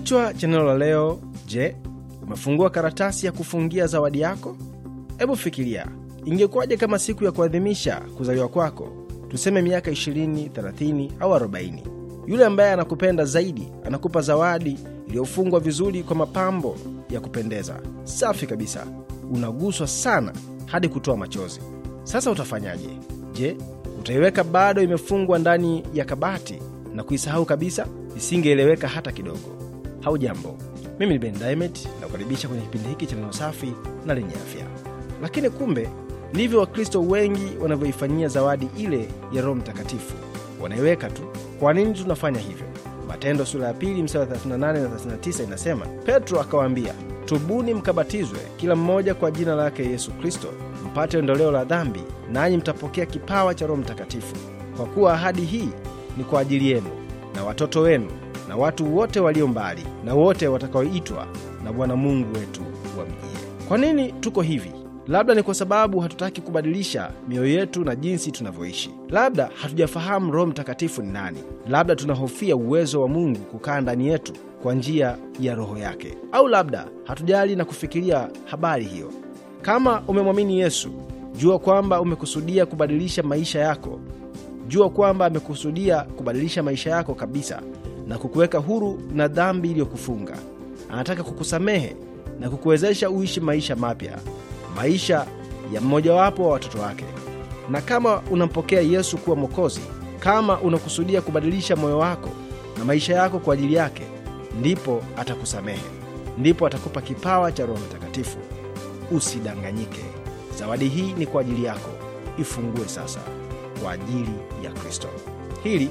Kichwa cha neno la leo: Je, umefungua karatasi ya kufungia zawadi yako? Hebu fikiria, ingekuwaje kama siku ya kuadhimisha kuzaliwa kwako, tuseme miaka 20, 30 au 40, yule ambaye anakupenda zaidi anakupa zawadi iliyofungwa vizuri kwa mapambo ya kupendeza, safi kabisa. Unaguswa sana hadi kutoa machozi. Sasa utafanyaje? Je, utaiweka bado imefungwa ndani ya kabati na kuisahau kabisa? Isingeeleweka hata kidogo. Haujambo, mimi ni Ben Diamond na kukaribisha kwenye kipindi hiki cha neno safi na lenye afya. Lakini kumbe ndivyo Wakristo wengi wanavyoifanyia zawadi ile ya Roho Mtakatifu, wanaiweka tu. Kwa nini tunafanya hivyo? Matendo sura ya pili msara 38 na 39 inasema, Petro akawaambia, tubuni mkabatizwe kila mmoja kwa jina lake Yesu Kristo mpate ondoleo la dhambi, nanyi mtapokea kipawa cha Roho Mtakatifu, kwa kuwa ahadi hii ni kwa ajili yenu na watoto wenu na watu wote walio mbali na wote watakaoitwa na Bwana Mungu wetu wamjie. Kwa nini tuko hivi? Labda ni kwa sababu hatutaki kubadilisha mioyo yetu na jinsi tunavyoishi. Labda hatujafahamu Roho Mtakatifu ni nani. Labda tunahofia uwezo wa Mungu kukaa ndani yetu kwa njia ya Roho yake, au labda hatujali na kufikiria habari hiyo. Kama umemwamini Yesu, jua kwamba umekusudia kubadilisha maisha yako. Jua kwamba amekusudia kubadilisha maisha yako kabisa, na kukuweka huru na dhambi iliyokufunga. Anataka kukusamehe na kukuwezesha uishi maisha mapya, maisha ya mmojawapo wa watoto wake. Na kama unampokea Yesu kuwa Mwokozi, kama unakusudia kubadilisha moyo wako na maisha yako kwa ajili yake, ndipo atakusamehe, ndipo atakupa kipawa cha Roho Mtakatifu. Usidanganyike, zawadi hii ni kwa ajili yako. Ifungue sasa kwa ajili ya Kristo. Hili